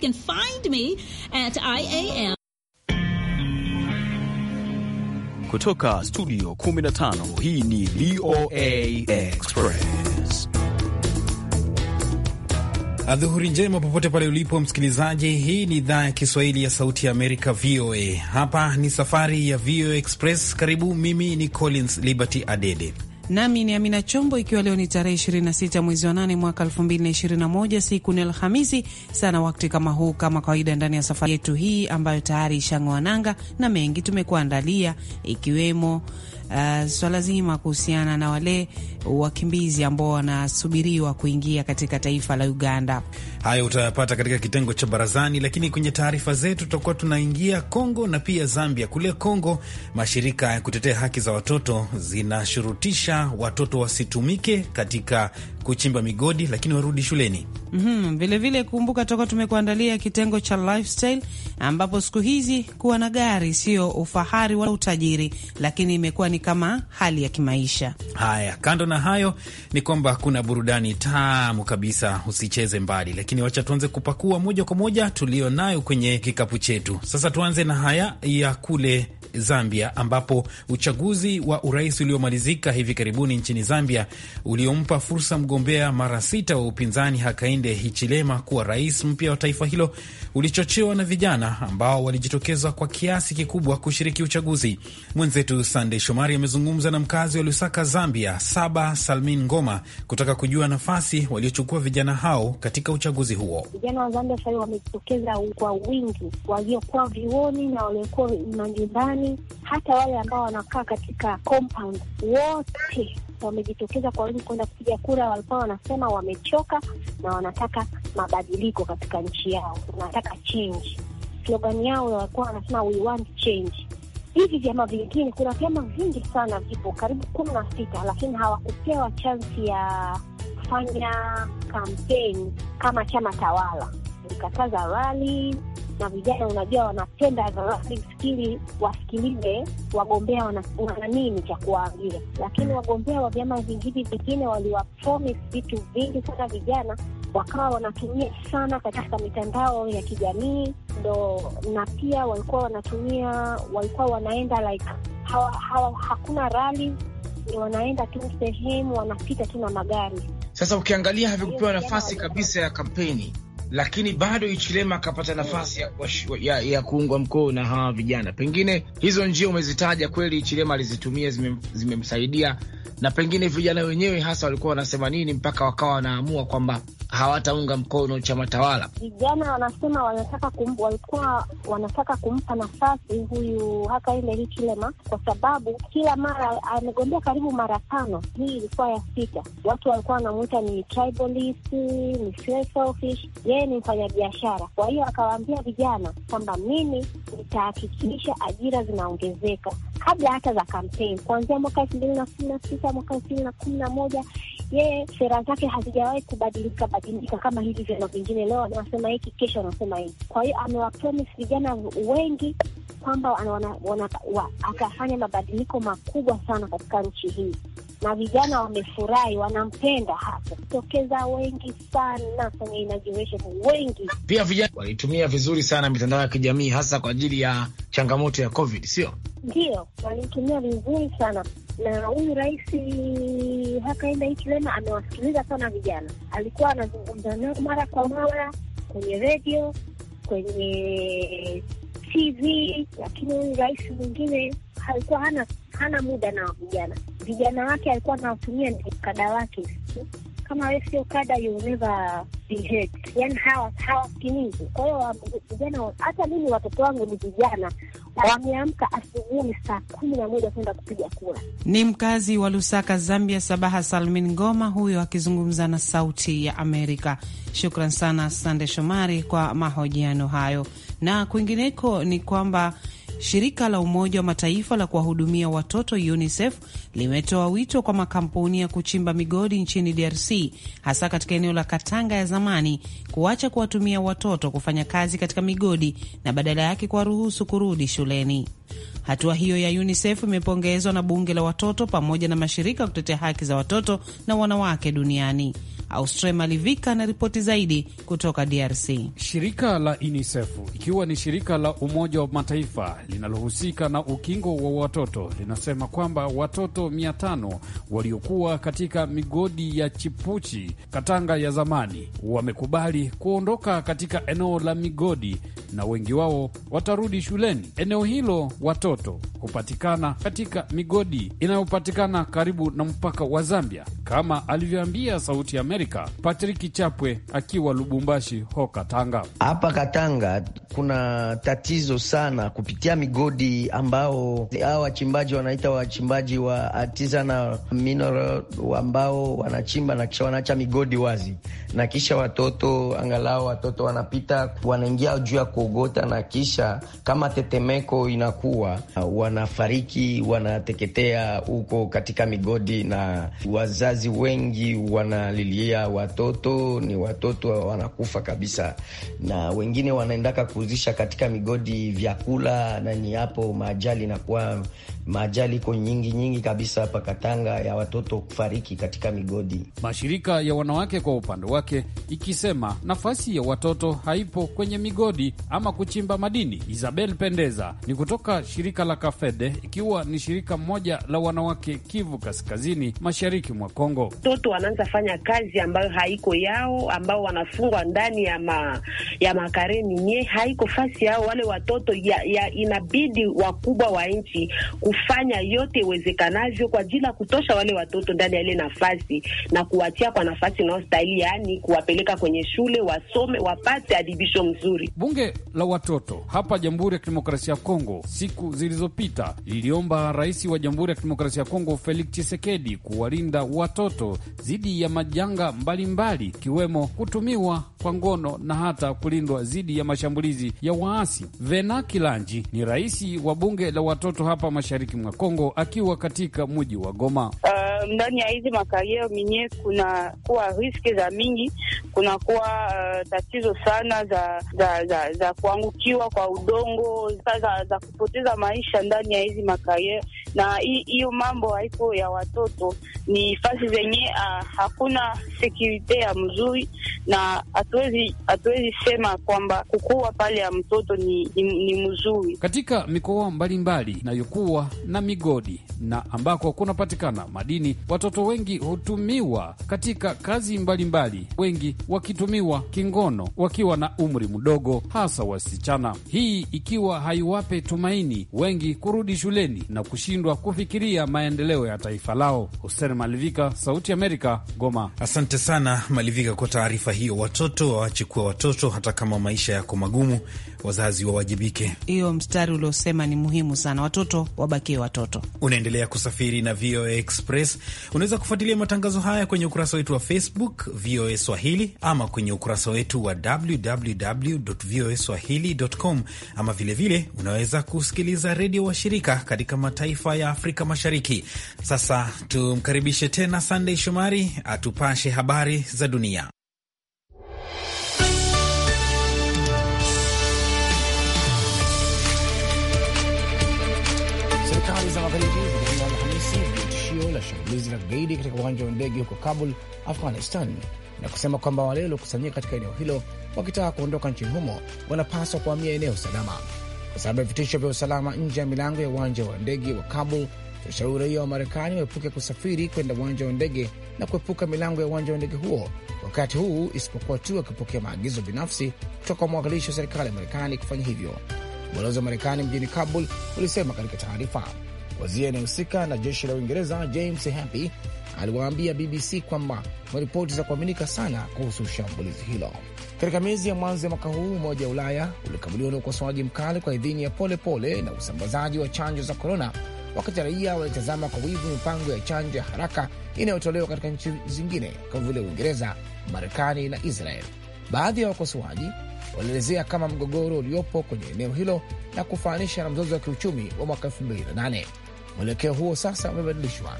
You can find me at IAM. Kutoka studio 15 hii ni VOA Express. Adhuhuri njema popote pale ulipo msikilizaji, hii ni idhaa ya Kiswahili ya Sauti ya Amerika VOA. Hapa ni safari ya VOA Express. Karibu, mimi ni Collins Liberty Adede nami ni Amina Chombo, ikiwa leo ni tarehe 26 mwezi wa 8 mwaka 2021, siku ni Alhamisi sana wakti kama huu, kama kawaida, ndani ya safari yetu hii ambayo tayari ishang'oa nanga na mengi tumekuandalia, ikiwemo Uh, swala zima kuhusiana na wale wakimbizi ambao wanasubiriwa kuingia katika taifa la Uganda. Hayo utayapata katika kitengo cha barazani, lakini kwenye taarifa zetu tutakuwa tunaingia Kongo na pia Zambia. Kule Kongo, mashirika ya kutetea haki za watoto zinashurutisha watoto wasitumike katika kuchimba migodi, lakini warudi shuleni. Mm-hmm. Vilevile kumbuka, toka tumekuandalia kitengo cha lifestyle, ambapo siku hizi kuwa na gari sio ufahari wala utajiri, lakini imekuwa ni kama hali ya kimaisha. Haya, kando na hayo ni kwamba kuna burudani tamu kabisa, usicheze mbali lakini lakini wacha tuanze kupakua moja kwa moja tulionayo kwenye kikapu chetu. Sasa tuanze na haya ya kule Zambia, ambapo uchaguzi wa urais uliomalizika hivi karibuni nchini Zambia uliompa fursa mgombea mara sita wa upinzani Hakainde Hichilema kuwa rais mpya wa taifa hilo ulichochewa na vijana ambao walijitokeza kwa kiasi kikubwa kushiriki uchaguzi. Mwenzetu Sandey Shomari amezungumza na mkazi wa Lusaka, Zambia, Saba Salmin Ngoma, kutaka kujua nafasi waliochukua vijana hao katika uchaguzi huo. Vijana wa Zambia sahii wamejitokeza kwa wingi, waliokuwa vioni na waliokuwa majumbani lakini hata wale ambao wanakaa katika compound wote wamejitokeza kwa wingi kwenda kupiga kura. Walikuwa wanasema wamechoka na wanataka mabadiliko katika nchi yao, wanataka change. Slogani yao walikuwa wanasema we want change. Hivi vyama vingine, kuna vyama vingi sana, vipo karibu kumi na sita, lakini hawakupewa chansi ya kufanya kampeni kama chama tawala. Ilikataza rali, na vijana unajua wanapenda zawadi, wasikilize wagombea wana, wana nini cha kuwaambia. Lakini wagombea wa vyama vingivi vingine waliwapromise vitu vingi sana vijana, wakawa wanatumia sana katika mitandao ya kijamii ndo, na pia walikuwa wanatumia walikuwa wanaenda like hawa, hawa, hakuna rali wanaenda tu sehemu wanapita tu na magari. Sasa ukiangalia havikupewa nafasi kabisa ya kampeni lakini bado Ichilema akapata nafasi ya, ya, ya kuungwa mkono na hawa vijana. Pengine hizo njia umezitaja kweli, Ichilema alizitumia zimemsaidia, zime na pengine vijana wenyewe hasa walikuwa wanasema nini mpaka wakawa wanaamua kwamba hawataunga mkono chama tawala. Vijana wanasema wanataka kum, walikuwa wanataka kumpa nafasi huyu haka ile Hichilema kwa sababu kila mara amegombea karibu mara tano, hii ilikuwa ya sita. Watu walikuwa wanamwita ni tribalist, ni selfish yeye ni mfanyabiashara. Kwa hiyo akawaambia vijana kwamba mimi nitahakikisha ajira zinaongezeka kabla hata za kampeni, kuanzia mwaka elfu mbili na kumi na tisa mwaka elfu mbili na kumi na moja yeye sera zake hazijawahi kubadilika badilika kama hivi vyama vingine, leo wanasema hiki, kesho wanasema hiki. Kwa hiyo amewapromis vijana wengi kwamba atafanya mabadiliko makubwa sana katika nchi hii na vijana wamefurahi, wanampenda hapo. tokeza wengi sana kwenye inauguration. Wengi pia vijana walitumia vizuri sana mitandao ya kijamii hasa kwa ajili ya changamoto ya COVID, sio ndio Walitumia vizuri sana na huyu rais Hakainde Hichilema amewasikiliza sana vijana, alikuwa anazungumza nao mara kwa mara kwenye redio, kwenye TV, lakini huyu rais mwingine alikuwa hana hana muda na vijana. Vijana wake alikuwa anawatumia kada wake kama we sio kada yoneva yani hawasikilizi. Kwa hiyo vijana, hata mimi watoto wangu ni vijana, wameamka asubuhi saa kumi na moja kwenda kupiga kura. Ni mkazi wa Lusaka, Zambia, Sabaha Salmin Ngoma huyo akizungumza na Sauti ya Amerika. Shukran sana Sande Shomari kwa mahojiano hayo. Na kwingineko ni kwamba shirika la Umoja wa Mataifa la kuwahudumia watoto UNICEF limetoa wito kwa makampuni ya kuchimba migodi nchini DRC hasa katika eneo la Katanga ya zamani kuacha kuwatumia watoto kufanya kazi katika migodi na badala yake kuwaruhusu kurudi shuleni. Hatua hiyo ya UNICEF imepongezwa na bunge la watoto pamoja na mashirika ya kutetea haki za watoto na wanawake duniani. Austre Malivika na ripoti zaidi kutoka DRC. Shirika la UNICEF ikiwa ni shirika la Umoja wa Mataifa linalohusika na ukingo wa watoto linasema kwamba watoto mia waliokuwa katika migodi ya Chipuchi Katanga ya zamani wamekubali kuondoka katika eneo la migodi na wengi wao watarudi shuleni. Eneo hilo watoto hupatikana katika migodi inayopatikana karibu na mpaka wa Zambia, kama alivyoambia Sauti ya Amerika Amerika Patrick Chapwe akiwa Lubumbashi ho Katanga. Hapa Katanga kuna tatizo sana kupitia migodi ambao hawa wachimbaji wanaita wachimbaji wa artisanal mineral ambao wanachimba na kisha wanaacha migodi wazi na kisha watoto angalau watoto wanapita wanaingia juu ya kuogota, na kisha kama tetemeko inakuwa wanafariki, wanateketea huko katika migodi, na wazazi wengi wanalilia watoto, ni watoto wanakufa kabisa, na wengine wanaendaka kuuzisha katika migodi vyakula, na ni hapo maajali inakuwa Maajali iko nyingi nyingi kabisa hapa Katanga ya watoto kufariki katika migodi. Mashirika ya wanawake kwa upande wake ikisema nafasi ya watoto haipo kwenye migodi ama kuchimba madini. Isabel Pendeza ni kutoka shirika la Kafede, ikiwa ni shirika mmoja la wanawake Kivu Kaskazini, mashariki mwa Kongo. Watoto wanaanza fanya kazi ambayo haiko yao, ambao wanafungwa ndani ya ma, ya makareni nye haiko fasi yao. Wale watoto ya, ya inabidi wakubwa wa nchi kufanya yote iwezekanavyo kwa ajili ya kutosha wale watoto ndani ya ile nafasi na kuwatia kwa nafasi inayostahili, yaani kuwapeleka kwenye shule wasome, wapate adibisho mzuri. Bunge la watoto hapa Jamhuri ya Kidemokrasia ya Kongo siku zilizopita liliomba Rais wa Jamhuri ya Kidemokrasia ya Kongo Felix Tshisekedi kuwalinda watoto dhidi ya majanga mbalimbali ikiwemo mbali, kutumiwa kwa ngono na hata kulindwa dhidi ya mashambulizi ya waasi. Vena Kilanji ni rais wa bunge la watoto hapa mashariki mashariki mwa Kongo, akiwa katika mji wa Goma. Uh, ndani ya hizi makarier minye kuna kuwa riski za mingi, kuna kuwa uh, tatizo sana za za, za, za kuangukiwa kwa udongo za, za, za kupoteza maisha ndani ya hizi makarier, na hiyo mambo haiko ya watoto, ni fasi zenye uh, hakuna sekurite ya mzuri, na hatuwezi hatuwezi sema kwamba kukuwa pale ya mtoto ni, ni, ni mzuri katika mikoa mbalimbali inayokuwa na migodi na ambako kunapatikana madini. Watoto wengi hutumiwa katika kazi mbalimbali mbali, wengi wakitumiwa kingono wakiwa na umri mdogo, hasa wasichana, hii ikiwa haiwape tumaini wengi kurudi shuleni na kushindwa kufikiria maendeleo ya taifa lao. Hussein Malivika, Sauti Amerika, Goma. Asante sana Malivika kwa taarifa hiyo. Watoto wawachekua kuwa watoto hata kama maisha yako magumu wazazi wawajibike. Hiyo mstari uliosema ni muhimu sana, watoto wabakie watoto. Unaendelea kusafiri na VOA Express. Unaweza kufuatilia matangazo haya kwenye ukurasa wetu wa Facebook VOA Swahili, ama kwenye ukurasa wetu wa www voa swahili.com, ama vilevile vile, unaweza kusikiliza redio washirika katika mataifa ya Afrika Mashariki. Sasa tumkaribishe tena Sandey Shomari atupashe habari za dunia. nchi za magharibi zinasema Alhamisi ya tishio la shambulizi la kigaidi katika uwanja wa ndege huko Kabul, Afghanistan, na kusema kwamba wale waliokusanyika katika eneo hilo wakitaka kuondoka nchini humo wanapaswa kuhamia eneo salama kwa sababu ya vitisho vya usalama nje ya milango ya uwanja wa ndege wa Kabul. Washauri raia wa Marekani waepuke kusafiri kwenda uwanja wa ndege na kuepuka milango ya uwanja wa ndege huo wakati huu, isipokuwa tu akipokea maagizo binafsi kutoka kwa mwakilishi wa serikali ya Marekani kufanya hivyo. Ubalozi wa Marekani mjini Kabul ulisema katika taarifa Waziri anayehusika na jeshi la Uingereza James Happy aliwaambia BBC kwamba maripoti za kuaminika sana kuhusu shambulizi hilo. Katika miezi ya mwanzo ya mwaka huu, Umoja wa Ulaya ulikabiliwa na ukosoaji mkali kwa idhini ya polepole pole na usambazaji wa chanjo za korona, wakati raia walitazama kwa wivu mipango ya chanjo ya haraka inayotolewa katika nchi zingine kama vile Uingereza, Marekani na Israel. Baadhi ya wakosoaji walielezea kama mgogoro uliopo kwenye eneo hilo na kufananisha na mzozo wa kiuchumi wa mwaka 2008. Mwelekeo huo sasa umebadilishwa.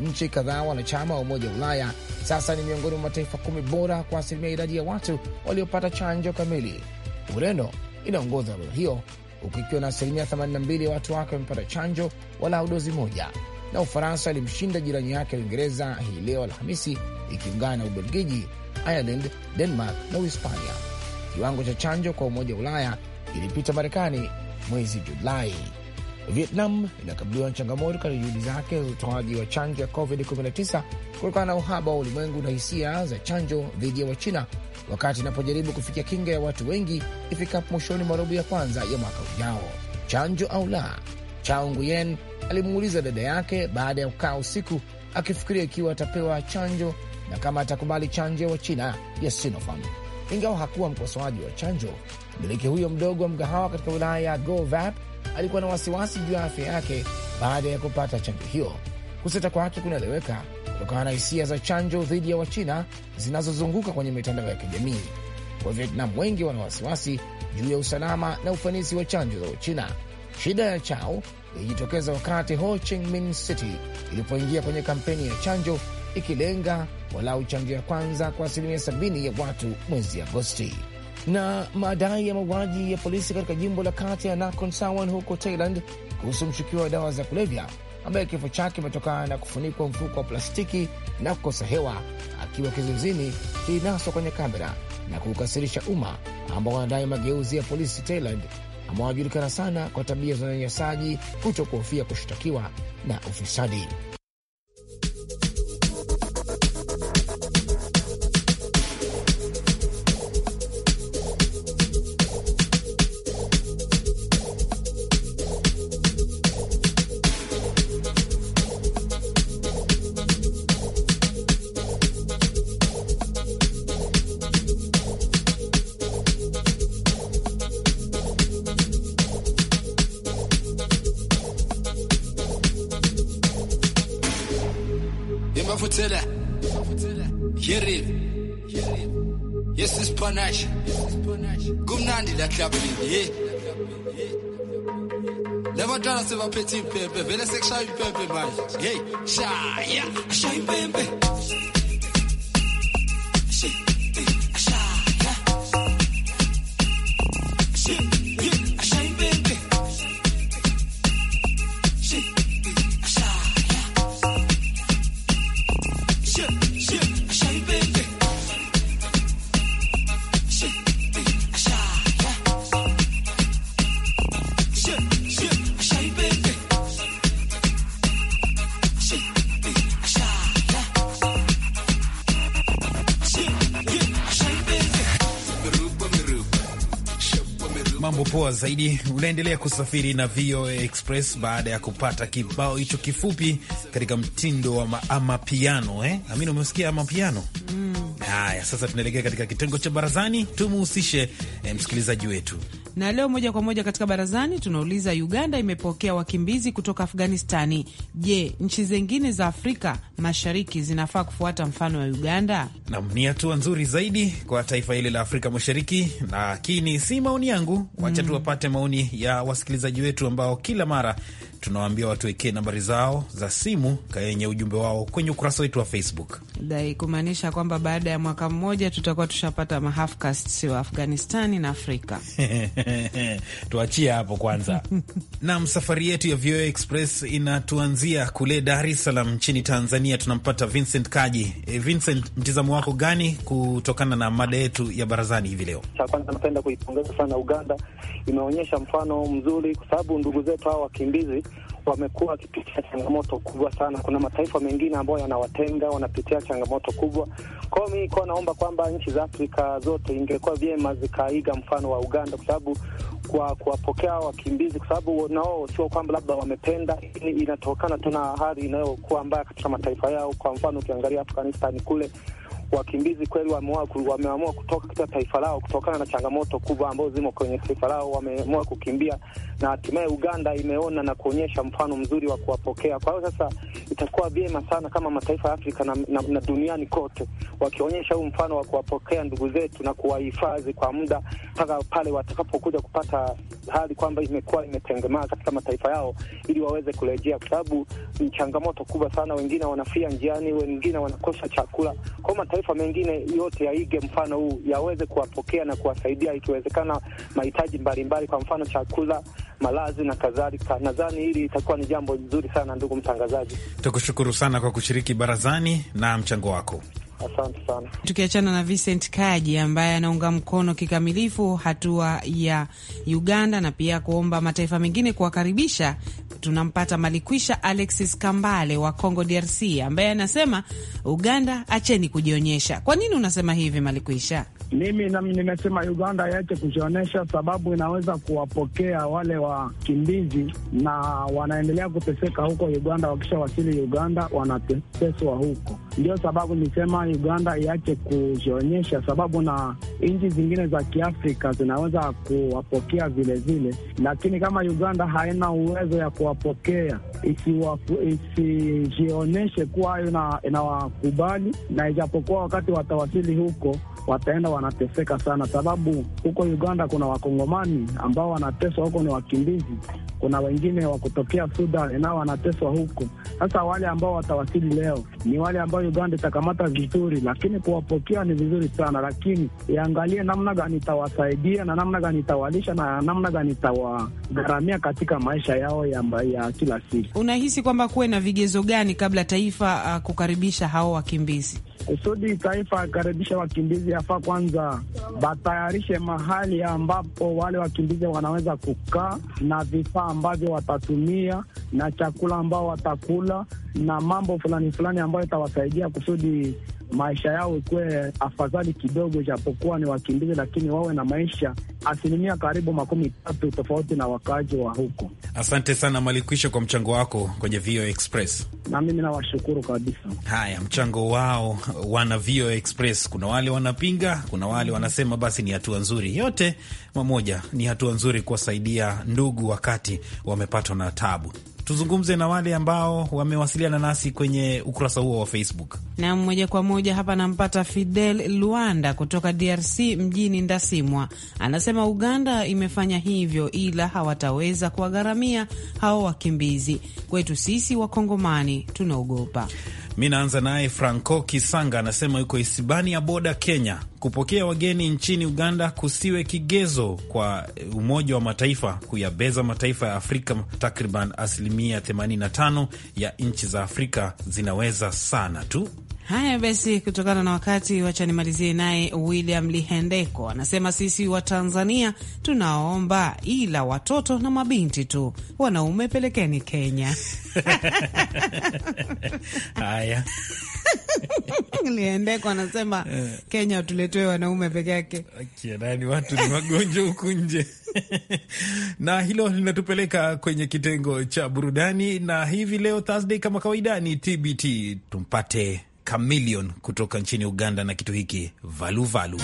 Nchi kadhaa wanachama wa Umoja wa Ulaya sasa ni miongoni mwa mataifa kumi bora kwa asilimia idadi ya watu waliopata chanjo kamili. Ureno inaongoza orodha hiyo huku ikiwa na asilimia 82 ya watu wake wamepata chanjo walau dozi moja, na Ufaransa ilimshinda jirani yake Uingereza hii leo Alhamisi ikiungana na Ubelgiji, Ireland, Denmark na Uhispania. Kiwango cha chanjo kwa Umoja wa Ulaya ilipita Marekani mwezi Julai. Vietnam inakabiliwa na changamoto katika juhudi zake za utoaji wa chanjo ya COVID-19 kutokana na uhaba wa ulimwengu na hisia za chanjo dhidi ya Wachina wakati inapojaribu kufikia kinga ya watu wengi ifikapo mwishoni mwa robo ya kwanza ya mwaka ujao. Chanjo au la, Chao Nguyen alimuuliza dada yake baada ya kukaa usiku akifikiria ikiwa atapewa chanjo na kama atakubali chanjo ya Wachina ya Sinopharm. Ingawa hakuwa mkosoaji wa chanjo, mmiliki huyo mdogo wa mgahawa katika wilaya ya Govap alikuwa na wasiwasi juu ya afya yake baada ya kupata chanjo hiyo. Kusita kwake kunaeleweka kutokana na hisia za chanjo dhidi ya Wachina zinazozunguka kwenye mitandao ya kijamii. Wavietnam wengi wana wasiwasi juu ya usalama na ufanisi wa chanjo za Uchina. Shida ya Chao ilijitokeza wakati Ho Chi Minh City ilipoingia kwenye kampeni ya chanjo ikilenga walau chanjo ya kwanza kwa asilimia 70 ya watu mwezi Agosti na madai ya mauaji ya polisi katika jimbo la kati ya Nakhon Sawan huko Thailand kuhusu mshukiwa wa dawa za kulevya ambaye kifo chake imetokana na kufunikwa mfuko wa plastiki na kukosa hewa akiwa kizuizini, kilinaswa kwenye kamera na kuukasirisha umma ambao wanadai mageuzi ya polisi Thailand ambao wanajulikana sana kwa tabia za unyanyasaji, kuto kuhofia kushtakiwa na ufisadi. petit pepe vele sekushaye upepe manje hey shaya shaya upepe zaidi. Unaendelea kusafiri na VOA Express baada ya kupata kibao hicho kifupi katika mtindo wa amapiano eh? Amini, umesikia amapiano? Mm. sasa tunaelekea katika kitengo cha barazani, tumuhusishe eh, msikilizaji wetu na leo moja kwa moja katika barazani tunauliza, Uganda imepokea wakimbizi kutoka Afghanistani. Je, nchi zingine za Afrika Mashariki zinafaa kufuata mfano wa Uganda? Nam, ni hatua nzuri zaidi kwa taifa hili la Afrika Mashariki, lakini si maoni yangu. Wacha mm. tuwapate maoni ya wasikilizaji wetu ambao kila mara tunawaambia watuwekee nambari zao za simu yenye ujumbe wao kwenye ukurasa wetu wa Facebook, dai kumaanisha kwamba baada ya mwaka mmoja tutakuwa tushapata mahafcast wa Afghanistani na Afrika. Tuachie hapo kwanza. Nam, safari yetu ya VOA Express inatuanzia kule Dar es Salaam nchini Tanzania Tanzania tunampata Vincent Kaji. E, Vincent, mtizamo wako gani kutokana na mada yetu ya barazani hivi leo? Cha kwanza napenda kuipongeza sana Uganda, imeonyesha mfano mzuri, kwa sababu ndugu zetu hawa wakimbizi wamekuwa wakipitia changamoto kubwa sana. Kuna mataifa mengine ambayo yanawatenga, wanapitia changamoto kubwa. Kwa hiyo mi ikuwa naomba kwamba nchi za Afrika zote ingekuwa vyema zikaiga mfano wa Uganda, kwa sababu kwa kuwapokea wakimbizi, kwa sababu nao sio kwamba labda wamependa, inatokana tu na hali inayokuwa mbaya katika mataifa yao. Kwa mfano ukiangalia Afghanistan kule wakimbizi kweli wameamua wameamua kutoka katika taifa lao kutokana na changamoto kubwa ambazo zimo kwenye taifa lao, wameamua kukimbia, na hatimaye Uganda imeona na kuonyesha mfano mzuri wa kuwapokea. Kwa hiyo sasa itakuwa vyema sana kama mataifa ya Afrika na, na, na duniani kote wakionyesha huu mfano wa kuwapokea ndugu zetu na kuwahifadhi kwa muda mpaka pale watakapokuja kupata hali kwamba imekuwa imetengemaa katika mataifa yao, ili waweze kurejea, kwa sababu ni changamoto kubwa sana. Wengine wanafia njiani, wengine wanakosa chakula kwa mataifa mengine yote yaige mfano huu, yaweze kuwapokea na kuwasaidia, ikiwezekana mahitaji mbalimbali, kwa mfano chakula, malazi na kadhalika. Nadhani hili itakuwa ni jambo zuri sana, ndugu mtangazaji. Tukushukuru sana kwa kushiriki barazani na mchango wako. Asante sana. Tukiachana na Vincent Kaji ambaye anaunga mkono kikamilifu hatua ya Uganda na pia kuomba mataifa mengine kuwakaribisha, tunampata malikwisha Alexis Kambale wa Congo DRC ambaye anasema Uganda, acheni kujionyesha. Kwa nini unasema hivi Malikwisha? Mimi nami nimesema Uganda yache kujionyesha, sababu inaweza kuwapokea wale wakimbizi na wanaendelea kuteseka huko Uganda. wakisha wasili Uganda wanateteswa huko, ndio sababu nisema Uganda iache kujionyesha, sababu na nchi zingine za Kiafrika zinaweza kuwapokea vilevile, lakini kama Uganda haina uwezo ya kuwapokea isijionyeshe kuwa hayo inawakubali na ijapokuwa wakati watawasili huko wataenda wanateseka sana, sababu huko Uganda kuna wakongomani ambao wanateswa huko, ni wakimbizi. Kuna wengine wa kutokea Sudan nao wanateswa huko. Sasa wale ambao watawasili leo ni wale ambao Uganda itakamata vizuri, lakini kuwapokea ni vizuri sana, lakini iangalie namna gani itawasaidia na namna gani itawalisha na namna gani itawagharamia katika maisha yao ya, ya kila siku. Unahisi kwamba kuwe na vigezo gani kabla taifa uh, kukaribisha hao wakimbizi? kusudi taifa akaribisha wakimbizi, yafaa kwanza batayarishe mahali ambapo wale wakimbizi wanaweza kukaa na vifaa ambavyo watatumia na chakula ambao watakula na mambo fulani fulani ambayo itawasaidia kusudi maisha yao ikuwe afadhali kidogo, japokuwa ni wakimbizi, lakini wawe na maisha asilimia karibu makumi tatu tofauti na wakaaji wa huko. Asante sana Malikwisho kwa mchango wako kwenye VOA Express. Na mimi nawashukuru kabisa. Haya, mchango wao wana VOA Express, kuna wale wanapinga, kuna wale wanasema basi ni hatua nzuri. Yote mamoja, ni hatua nzuri kuwasaidia ndugu wakati wamepatwa na tabu tuzungumze na wale ambao wamewasiliana nasi kwenye ukurasa huo wa Facebook. nam moja kwa moja hapa nampata Fidel Luanda kutoka DRC mjini Ndasimwa, anasema Uganda imefanya hivyo, ila hawataweza kuwagharamia hao wakimbizi. Kwetu sisi Wakongomani tunaogopa. Mi naanza naye Franco Kisanga, anasema yuko ya boda Kenya. Kupokea wageni nchini Uganda kusiwe kigezo kwa Umoja wa Mataifa kuyabeza mataifa ya Afrika. Takriban asilimia 85 ya nchi za Afrika zinaweza sana tu Haya basi, kutokana na wakati, wacha nimalizie naye William Lihendeko anasema sisi wa Tanzania tunaomba, ila watoto na mabinti tu, wanaume pelekeni Kenya. Haya Liendeko anasema eh. Kenya tuletewe wanaume peke yake, kirani watu ni wagonjwa huku nje. na hilo linatupeleka kwenye kitengo cha burudani, na hivi leo Thursday kama kawaida ni TBT, tumpate Chameleon kutoka nchini Uganda na kitu hiki valuvalu valu.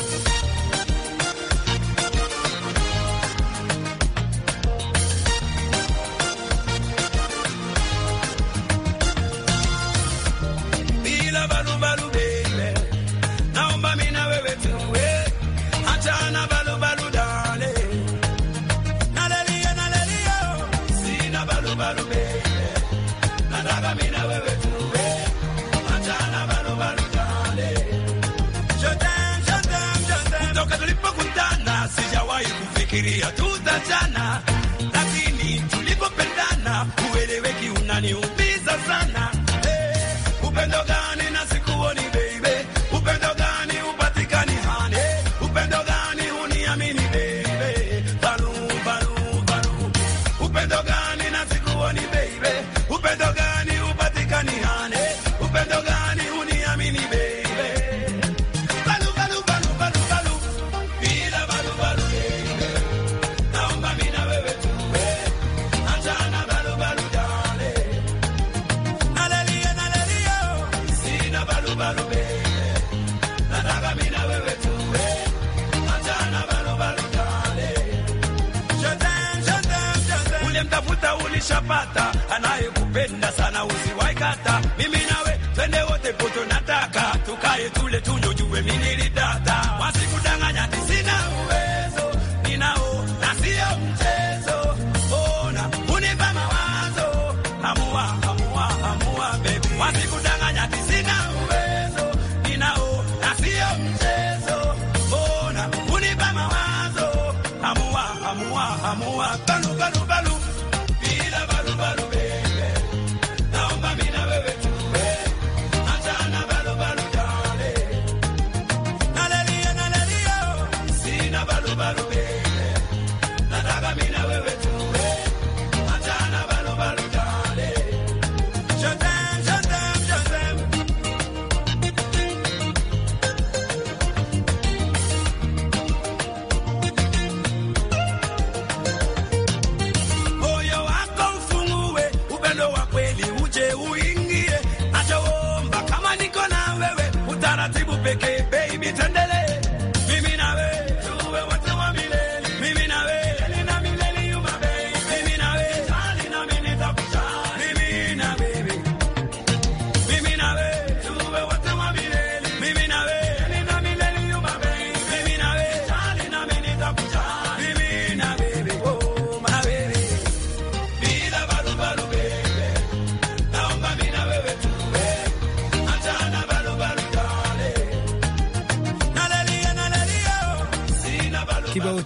More. àpò.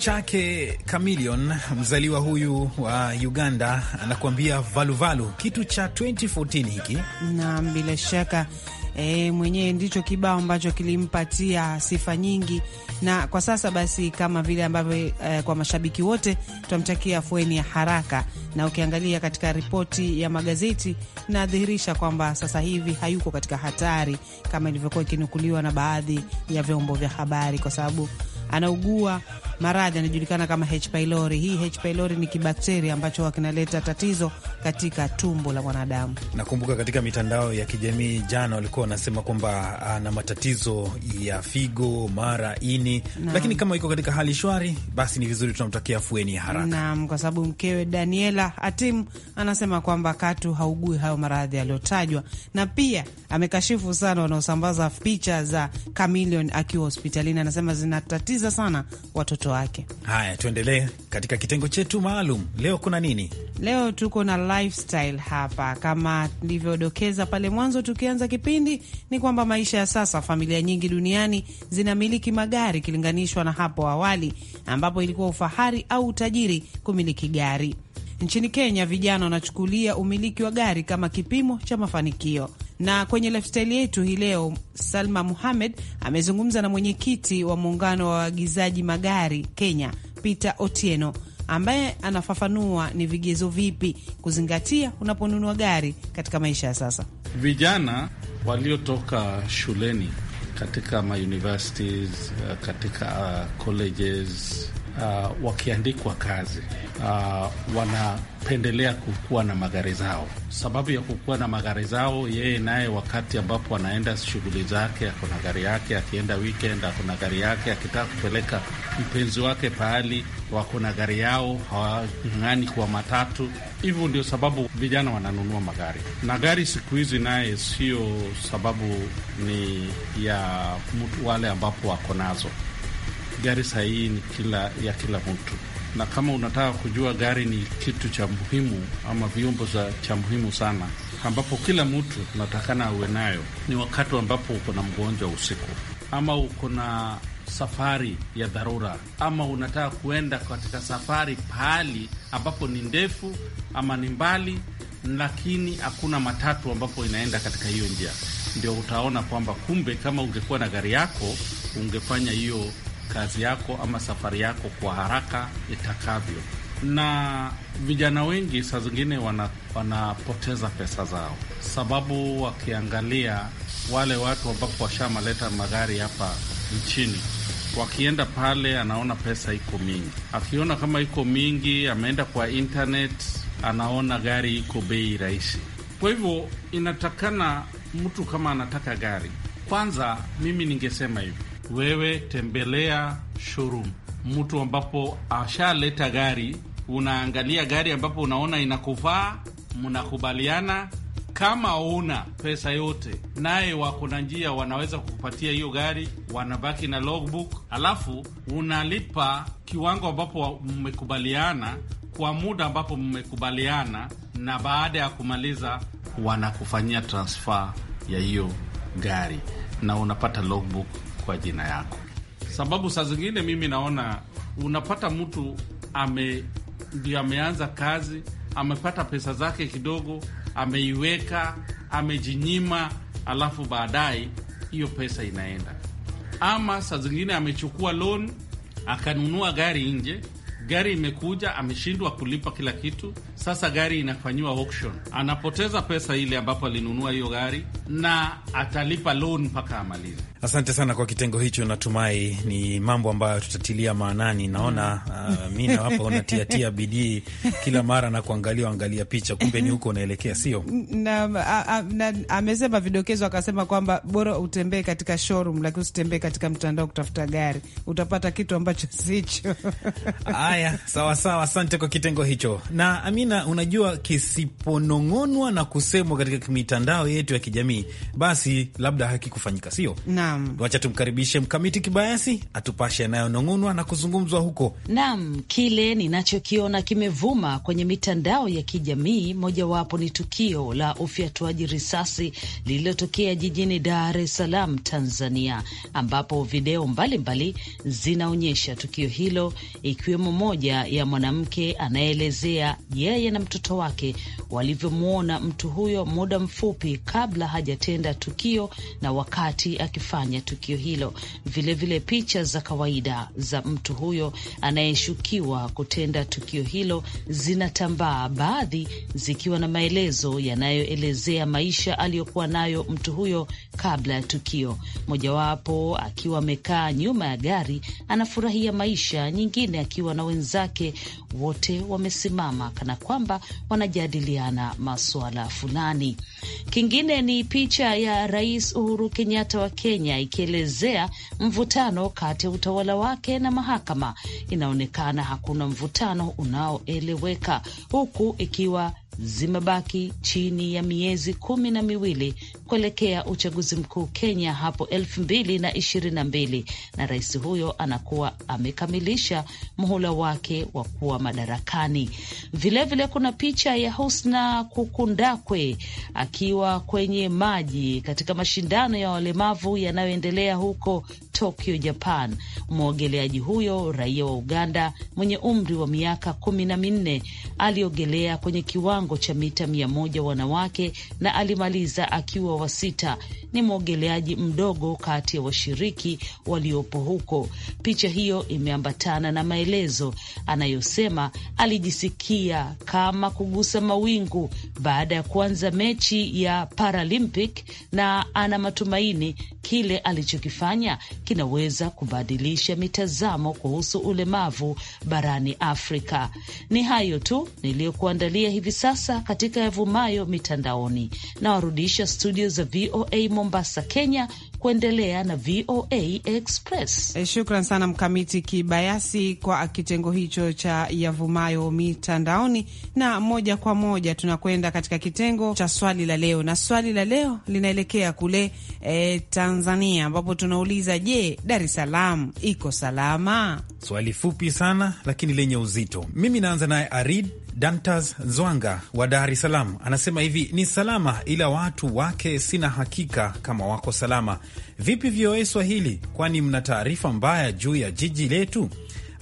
chake Chameleon, mzaliwa huyu wa Uganda, anakuambia valuvalu valu, kitu cha 2014 hiki. na bila shaka e, mwenyewe ndicho kibao ambacho kilimpatia sifa nyingi, na kwa sasa basi, kama vile ambavyo e, kwa mashabiki wote tunamtakia afueni ya haraka, na ukiangalia katika ripoti ya magazeti nadhihirisha kwamba sasa hivi hayuko katika hatari kama ilivyokuwa ikinukuliwa na baadhi ya vyombo vya habari, kwa sababu anaugua maradhi yanajulikana kama H pylori. Hii H pylori ni kibakteria ambacho kinaleta tatizo katika tumbo la mwanadamu. Nakumbuka katika mitandao ya kijamii jana walikuwa wanasema kwamba ah, ana matatizo ya figo, mara ini na, lakini kama iko katika hali shwari, basi ni vizuri tunamtakia afueni ya haraka. Naam, kwa sababu mkewe Daniela Atim anasema kwamba katu haugui hayo maradhi yaliyotajwa, na pia amekashifu sana wanaosambaza picha za Chameleone akiwa hospitalini, anasema zinatatiza sana watoto watoto wake. Haya, tuendelee katika kitengo chetu maalum. Leo kuna nini? Leo tuko na lifestyle hapa, kama nilivyodokeza pale mwanzo tukianza kipindi, ni kwamba maisha ya sasa, familia nyingi duniani zinamiliki magari ikilinganishwa na hapo awali, ambapo ilikuwa ufahari au utajiri kumiliki gari. Nchini Kenya, vijana wanachukulia umiliki wa gari kama kipimo cha mafanikio. Na kwenye lifestyle yetu hii leo, Salma Muhamed amezungumza na mwenyekiti wa muungano wa waagizaji magari Kenya, Peter Otieno, ambaye anafafanua ni vigezo vipi kuzingatia unaponunua gari katika maisha ya sasa. Vijana waliotoka shuleni katika mauniversities, uh, katika uh, colleges uh, wakiandikwa kazi uh, wanapendelea kukuwa na magari zao. Sababu ya kukuwa na magari zao, yeye naye wakati ambapo anaenda shughuli zake ako na gari yake, akienda weekend ako na gari yake, akitaka kupeleka mpenzi wake pahali wako na gari yao, hawang'ani kwa matatu. Hivyo ndio sababu vijana wananunua magari, na gari siku hizi naye sio sababu ni ya wale ambapo wako nazo gari sahihi ni kila ya kila mtu, na kama unataka kujua gari ni kitu cha muhimu ama vyombo cha muhimu sana ambapo kila mtu unatakana awe nayo, ni wakati ambapo uko na mgonjwa usiku ama uko na safari ya dharura ama unataka kuenda katika safari pahali ambapo ni ndefu ama ni mbali, lakini hakuna matatu ambapo inaenda katika hiyo njia, ndio utaona kwamba kumbe kama ungekuwa na gari yako ungefanya hiyo kazi yako ama safari yako kwa haraka itakavyo. Na vijana wengi saa zingine wanapoteza wana pesa zao, sababu wakiangalia wale watu ambapo washamaleta magari hapa nchini wakienda pale anaona pesa iko mingi. Akiona kama iko mingi, ameenda kwa internet, anaona gari iko bei rahisi. Kwa hivyo inatakana mtu kama anataka gari, kwanza, mimi ningesema hivi, wewe tembelea showroom, mtu ambapo ashaleta gari, unaangalia gari ambapo unaona inakuvaa, mnakubaliana kama una pesa yote naye wako na njia, wanaweza kukupatia hiyo gari, wanabaki na logbook, alafu unalipa kiwango ambapo mmekubaliana kwa muda ambapo mmekubaliana, na baada ya kumaliza wanakufanyia transfer ya hiyo gari na unapata logbook kwa jina yako, sababu saa zingine mimi naona unapata mtu ame ndio ameanza kazi, amepata pesa zake kidogo, ameiweka, amejinyima, alafu baadaye hiyo pesa inaenda. Ama saa zingine amechukua loan akanunua gari nje, gari imekuja, ameshindwa kulipa kila kitu. Sasa gari inafanyiwa auction, anapoteza pesa ile ambapo alinunua hiyo gari, na atalipa loan mpaka amalize. Asante sana kwa kitengo hicho, natumai ni mambo ambayo tutatilia maanani. Naona uh, mm. ah, mi na hapa unatiatia bidii kila mara na kuangalia angalia picha, kumbe ni huko unaelekea, sio? Amesema vidokezo, akasema kwamba bora utembee katika showroom, lakini usitembee katika mtandao kutafuta gari, utapata kitu ambacho sicho. Haya, sawasawa, asante kwa kitengo hicho. Na Amina, unajua kisiponong'onwa na kusemwa katika mitandao yetu ya kijamii, basi labda hakikufanyika, sio na Naam, wacha tumkaribishe Mkamiti Kibayasi atupashe yanayonong'onwa na kuzungumzwa huko. Naam, kile ninachokiona kimevuma kwenye mitandao ya kijamii, mojawapo ni tukio la ufyatuaji risasi lililotokea jijini Dar es Salaam, Tanzania, ambapo video mbalimbali zinaonyesha tukio hilo, ikiwemo moja ya mwanamke anayeelezea yeye na mtoto wake walivyomwona mtu huyo muda mfupi kabla hajatenda tukio na wakati akifanya kufanya tukio hilo, vilevile vile picha za kawaida za mtu huyo anayeshukiwa kutenda tukio hilo zinatambaa, baadhi zikiwa na maelezo yanayoelezea maisha aliyokuwa nayo mtu huyo kabla ya tukio, mojawapo akiwa amekaa nyuma ya gari anafurahia maisha, nyingine akiwa na wenzake, wote wamesimama kana kwamba wanajadiliana masuala fulani. Kingine ni picha ya Rais Uhuru Kenyatta wa Kenya Kenya ikielezea mvutano kati ya utawala wake na mahakama. Inaonekana hakuna mvutano unaoeleweka, huku ikiwa zimebaki chini ya miezi kumi na miwili kuelekea uchaguzi mkuu Kenya hapo elfu mbili na ishirini na mbili na rais huyo anakuwa amekamilisha muhula wake wa kuwa madarakani. Vilevile vile kuna picha ya Husna Kukundakwe akiwa kwenye maji katika mashindano ya walemavu yanayoendelea huko Tokyo, Japan. Mwogeleaji huyo raia wa Uganda mwenye umri wa miaka kumi na minne aliogelea kwenye kiwango cha mita mia moja wanawake na alimaliza akiwa wa sita. Ni mwogeleaji mdogo kati ya washiriki waliopo huko. Picha hiyo imeambatana na maelezo anayosema alijisikia kama kugusa mawingu baada ya kuanza mechi ya Paralympic na ana matumaini kile alichokifanya kinaweza kubadilisha mitazamo kuhusu ulemavu barani Afrika. Ni hayo tu niliyokuandalia hivi sasa katika yavumayo mitandaoni. Nawarudisha studio za VOA Mombasa, Kenya kuendelea na VOA Express. E, shukran sana Mkamiti Kibayasi kwa kitengo hicho cha yavumayo mitandaoni, na moja kwa moja tunakwenda katika kitengo cha swali la leo, na swali la leo linaelekea kule e, Tanzania ambapo tunauliza je, Dar es Salaam iko salama? Swali fupi sana lakini lenye uzito. Mimi naanza naye Arid Dantas Zwanga wa Dar es Salaam anasema hivi: ni salama, ila watu wake sina hakika kama wako salama. Vipi VOA Swahili, kwani mna taarifa mbaya juu ya jiji letu?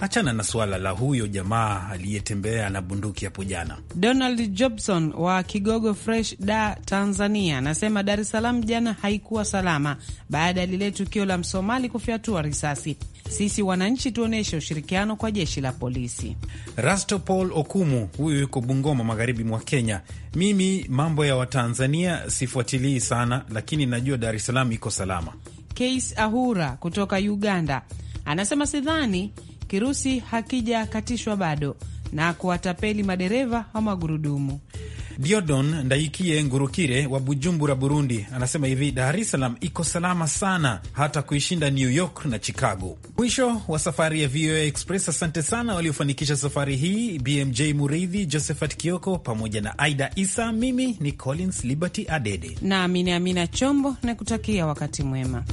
Achana na suala la huyo jamaa aliyetembea na bunduki hapo jana. Donald Jobson wa Kigogo Fresh da Tanzania anasema Dar es Salaam jana haikuwa salama baada ya lile tukio la Msomali kufyatua risasi. Sisi wananchi tuonyeshe ushirikiano kwa jeshi la polisi. Rasto Paul Okumu, huyu yuko Bungoma, magharibi mwa Kenya. Mimi mambo ya Watanzania sifuatilii sana, lakini najua Dar es Salaam iko salama. Case Ahura kutoka Uganda anasema sidhani kirusi hakijakatishwa bado na kuwatapeli madereva wa magurudumu. Diodon Ndaikie Ngurukire wa Bujumbura, Burundi, anasema hivi: Dar es Salaam iko salama sana, hata kuishinda New York na Chicago. Mwisho wa safari ya VOA Express. Asante sana waliofanikisha safari hii, BMJ Muridhi, Josephat Kioko pamoja na Aida Isa. Mimi ni Collins Liberty Adede nami ni Amina Chombo, nakutakia wakati mwema.